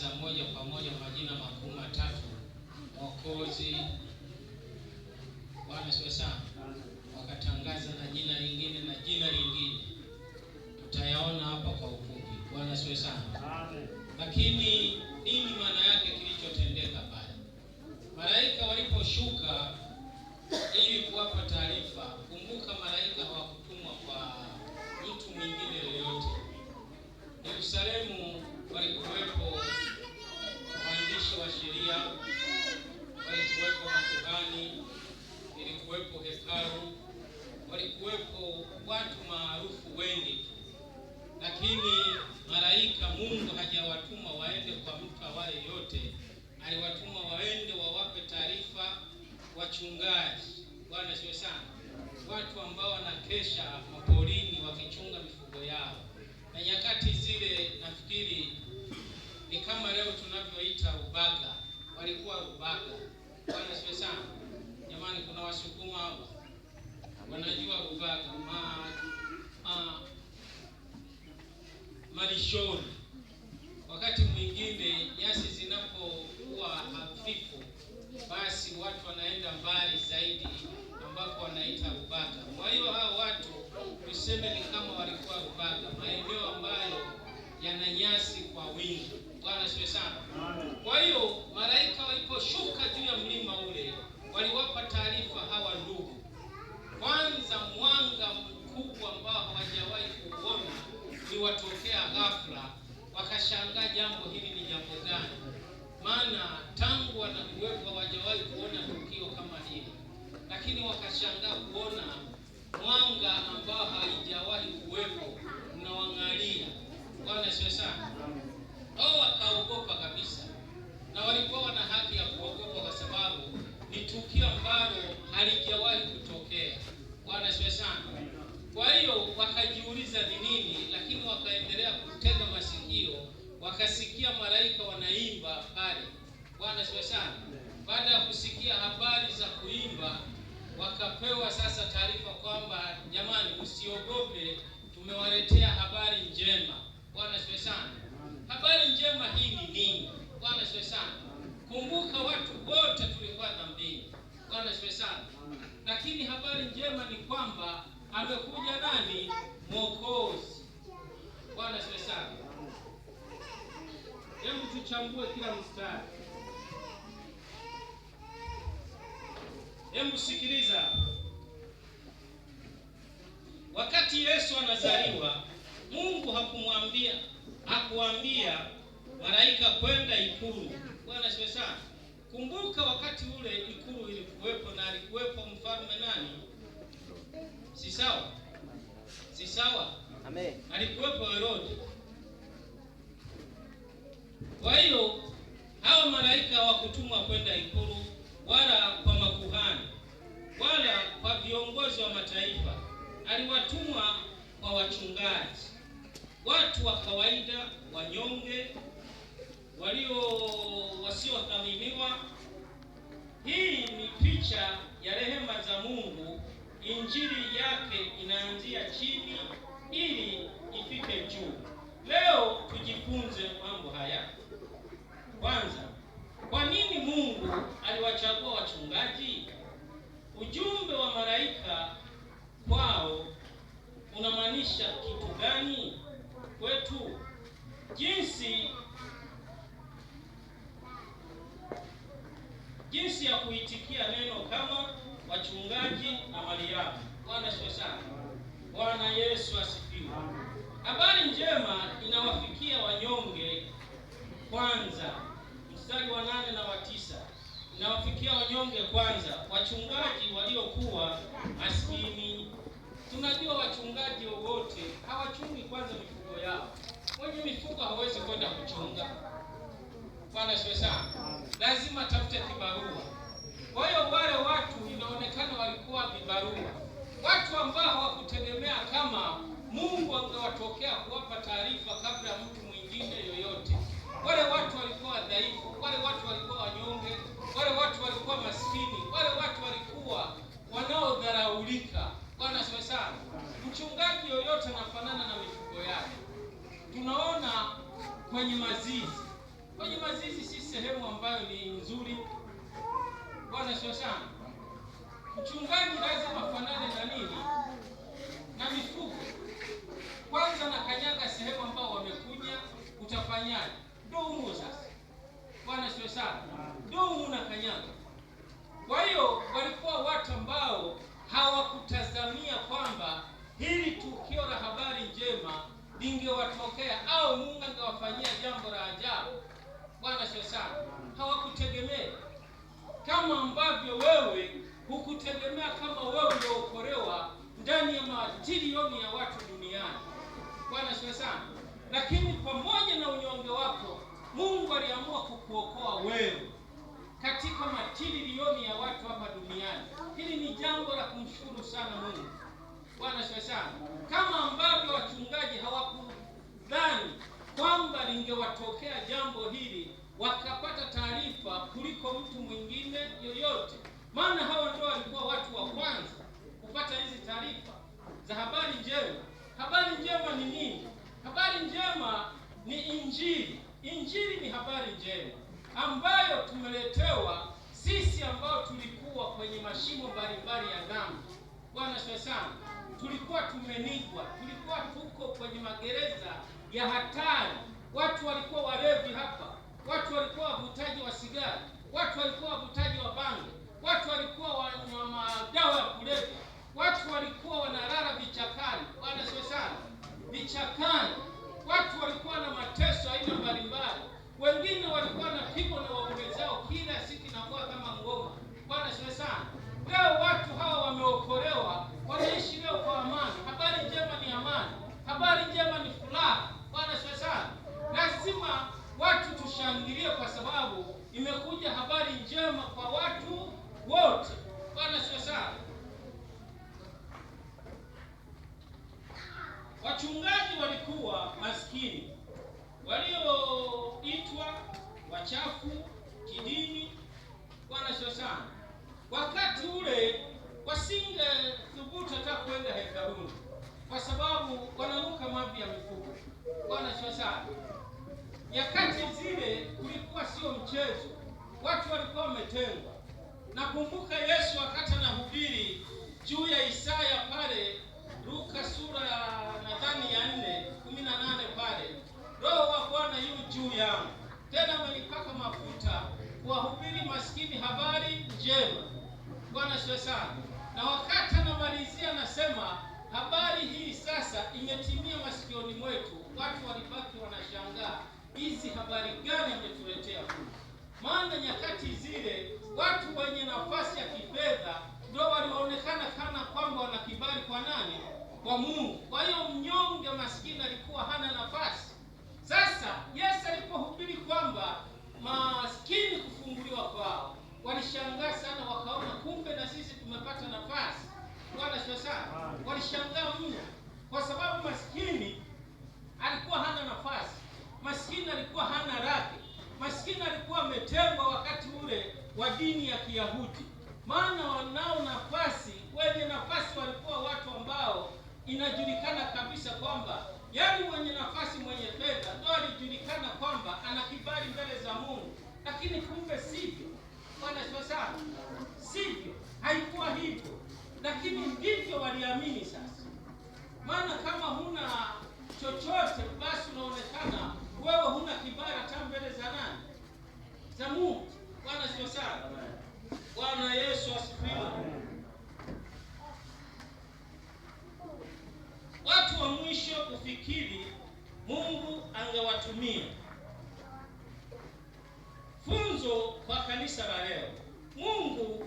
za moja kwa moja majina makuu matatu: Mwokozi. Bwana sio sana, wakatangaza na jina lingine na jina lingine, tutayaona hapa kwa ufupi. Bwana sio sana. Lakini nini maana yake kilichotendeka pale? Malaika waliposhuka ili kuwapa taarifa. Kumbuka, malaika hawakutumwa kwa mtu mwingine yoyote. Yerusalemu walikuwepo wa sheria walikuwepo makuhani, ilikuwepo hekalu, walikuwepo watu maarufu wengi, lakini malaika Mungu hajawatuma waende kwa mtu awaye yote, aliwatuma waende wawape taarifa wachungaji, Bwana sio sana, watu ambao wanakesha mapolini wakichunga tuseme ni kama walikuwa Rubaka, maeneo ambayo yana nyasi kwa wingi. Bwana asifiwe sana. Kwa hiyo malaika waliposhuka juu ya mlima ule, waliwapa taarifa hawa ndugu. Kwanza, mwanga mkubwa ambao hawajawahi kuona uliwatokea ghafla, wakashangaa jambo hili ni jambo gani? Maana tangu wanakuwepo hawajawahi kuona tukio kama hili, lakini wakashangaa kuona mwanga ambao haijawahi kuwepo, unawang'alia. Bwana sio sana. Hao wakaogopa kabisa, na walikuwa wana haki ya kuogopa kwa sababu ni tukio ambalo halijawahi kutokea. Bwana sio sana. Kwa hiyo wakajiuliza ni nini, lakini wakaendelea kutega masikio, wakasikia malaika wanaimba pale. Bwana sio sana. Baada ya kusikia habari msiogope, tumewaletea habari njema. Bwana siwe sana. Habari njema hii ni nini? Bwana siwe sana. Kumbuka watu wote tulikuwa dhambini. Bwana siwe sana. Lakini habari njema ni kwamba amekuja nani? Mwokozi. Bwana siwe sana. Hebu tuchambue kila mstari. Hebu sikiliza. Yesu anazaliwa, Mungu hakumwambia hakuambia malaika kwenda ikulu. Bwana siwe sana. Kumbuka wakati ule ikulu ilikuwepo na alikuwepo mfalme nani? Si sawa? Si sawa? Amen. Alikuwepo Herodi. Kwa hiyo hao malaika hawakutumwa kwenda ikulu wala kwa makuhani wala kwa viongozi wa mataifa, aliwatumwa kwa wachungaji, watu wa kawaida, wanyonge, walio wasiothaminiwa. Hii ni picha ya rehema za Mungu. Injili yake inaanzia chini ili ifike juu. Leo tujifunze kwanza mstari wa nane na wa tisa nawafikia wanyonge kwanza, wachungaji waliokuwa maskini. Tunajua wachungaji wote hawachungi kwanza mifugo yao. Mwenye mifugo hawezi kwenda kuchunga. Bwana siwe sana, lazima tafute kibarua Kwa hiyo wale watu inaonekana walikuwa vibarua, watu ambao hawakutegemea kama Mungu angewatokea kuwapa taarifa kabla mtu tunaona kwenye mazizi. Kwenye mazizi si sehemu ambayo ni nzuri, bwana Shoshana. Mchungaji lazima afanane na kushangilia kwa sababu imekuja habari njema kwa watu wote. Bwana sio sawa. Wachungaji walikuwa maskini, walioitwa wachafu kidini. Bwana sio sana. Wakati ule wasinge thubutu hata kwenda hekaluni, kwa sababu wanaruka mavi ya mifugo. Bwana sio sana. Nyakati zile kulikuwa sio mchezo, watu walikuwa wametengwa. Nakumbuka Yesu wakati anahubiri juu ya Isaya pale Luka sura nadhani ya nne kumi na nane pale, Roho wa Bwana yu juu yangu, tena amenipaka mafuta kuwahubiri maskini habari njema. Bwana siwe sana. Na wakati anamalizia anasema habari hii sasa imetimia masikioni mwetu, watu walibaki hizi habari gani ametuletea huyu? Maana nyakati zile watu wenye nafasi ya kifedha ndio walionekana kana kwamba wana kibali kwa nani? Kwa Mungu. Kwa hiyo mnyonge maskini alikuwa hana nafasi. Sasa Yesu alipohubiri kwamba maskini kufunguliwa kwao, walishangaa sana, wakaona kumbe na sisi tumepata nafasi. Bwana sana, walishangaa mno, kwa sababu maskini alikuwa hana nafasi. Maskini alikuwa hana radhi, maskini alikuwa ametengwa wakati ule wa dini ya Kiyahudi, maana wanao nafasi, wenye nafasi walikuwa watu ambao inajulikana kabisa kwamba yani mwenye nafasi, mwenye fedha ndo alijulikana kwamba ana kibali mbele za Mungu, lakini kumbe sivyo. Bwana sana, sivyo, haikuwa hivyo, lakini ndivyo waliamini. Sasa maana kama huna chochote, basi unaonekana wewe huna kibali hata mbele za nani? Za Mungu. Bwana sio sana. Bwana Yesu asifiwe. Watu wa mwisho kufikiri Mungu angewatumia. Funzo kwa kanisa la leo, Mungu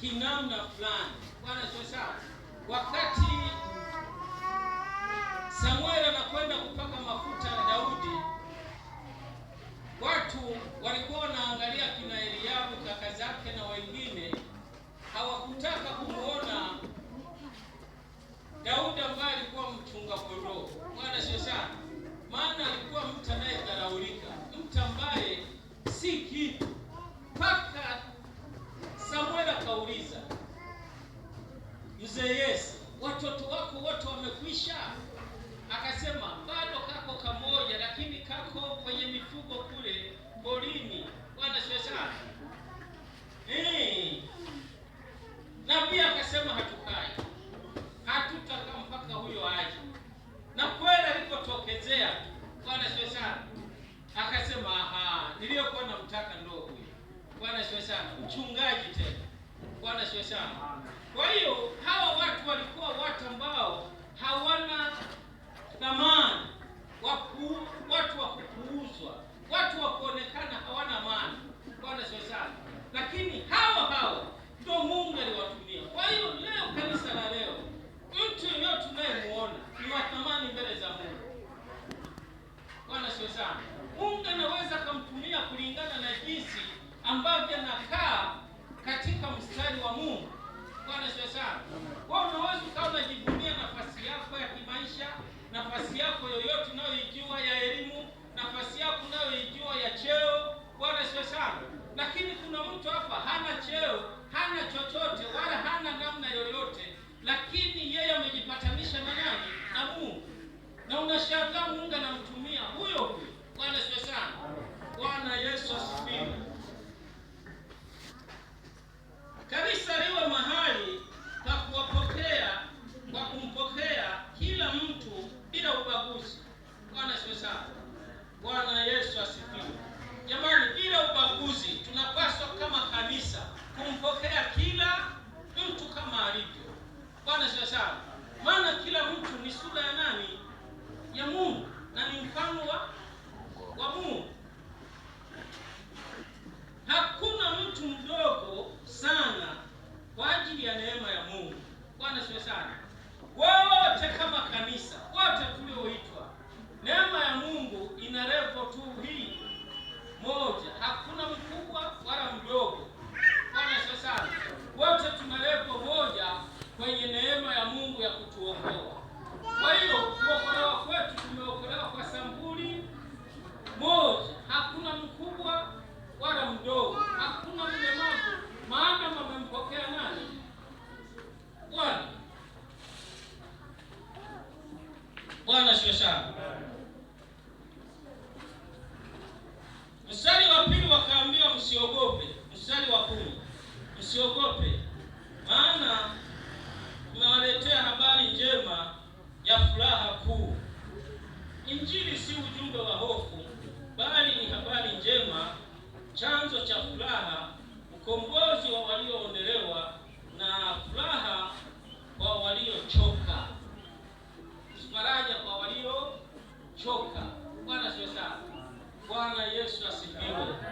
kinamna fulani. Bwana sawa. Wakati Samueli anakwenda kupaka mafuta ya Daudi, watu walikuwa wanaangalia kina Eliabu kaka zake na wengine, hawakutaka kumuona Daudi ambaye alikuwa mchunga kondoo. Bwana sawa. Maana alikuwa mtu sana, uchungaji tena. Bwana sio sana. Kwa hiyo hawa watu walikuwa watu ambao hawana thamani, waku, watu wa kupuuzwa, watu wa kuonekana hawana maana. Bwana sio sana, lakini hawa hawa ndio Mungu aliwatumia. Kwa hiyo leo, kanisa la leo, mtu yeyote tunayemuona ni wa thamani mbele za Mungu. Bwana sio sana. understand. biashara, maana kila mtu ni sura ya nani? Ya Mungu na ni mfano wa wa Mungu. Hakuna mtu mdogo sana kwa ajili ya neema ya Mungu. Bwana sio sana. Wote kama kanisa, wote tulioitwa, neema ya Mungu ina level tu hii moja, hakuna mkubwa wala mdogo. msiogope, maana tunawaletea habari njema ya furaha kuu. Injili si ujumbe wa hofu, bali ni habari njema, chanzo cha furaha, ukombozi wa walioondolewa na furaha kwa waliochoka, faraja kwa waliochoka. Bwana Yesu asifiwe.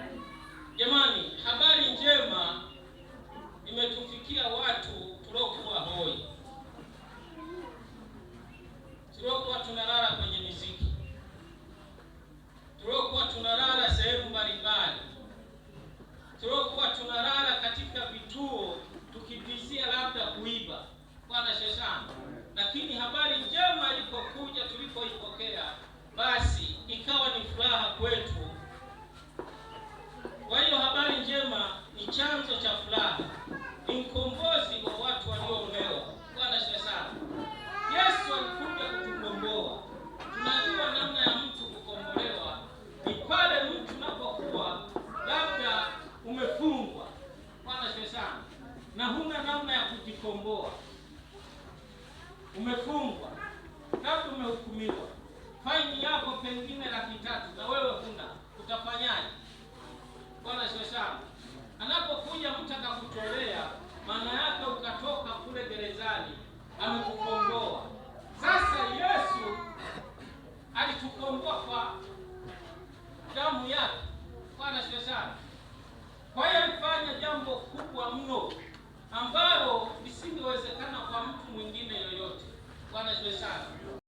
nne laki tatu na wewe huna, utafanyaje? Bwana Yesu sana. Anapokuja mtu akakutolea, maana yake ukatoka kule gerezani, amekukomboa. Sasa Yesu alitukomboa kwa damu yake. Bwana Yesu sana. Kwa hiyo alifanya jambo kubwa mno ambalo lisingewezekana kwa mtu mwingine yoyote. Bwana Yesu sana.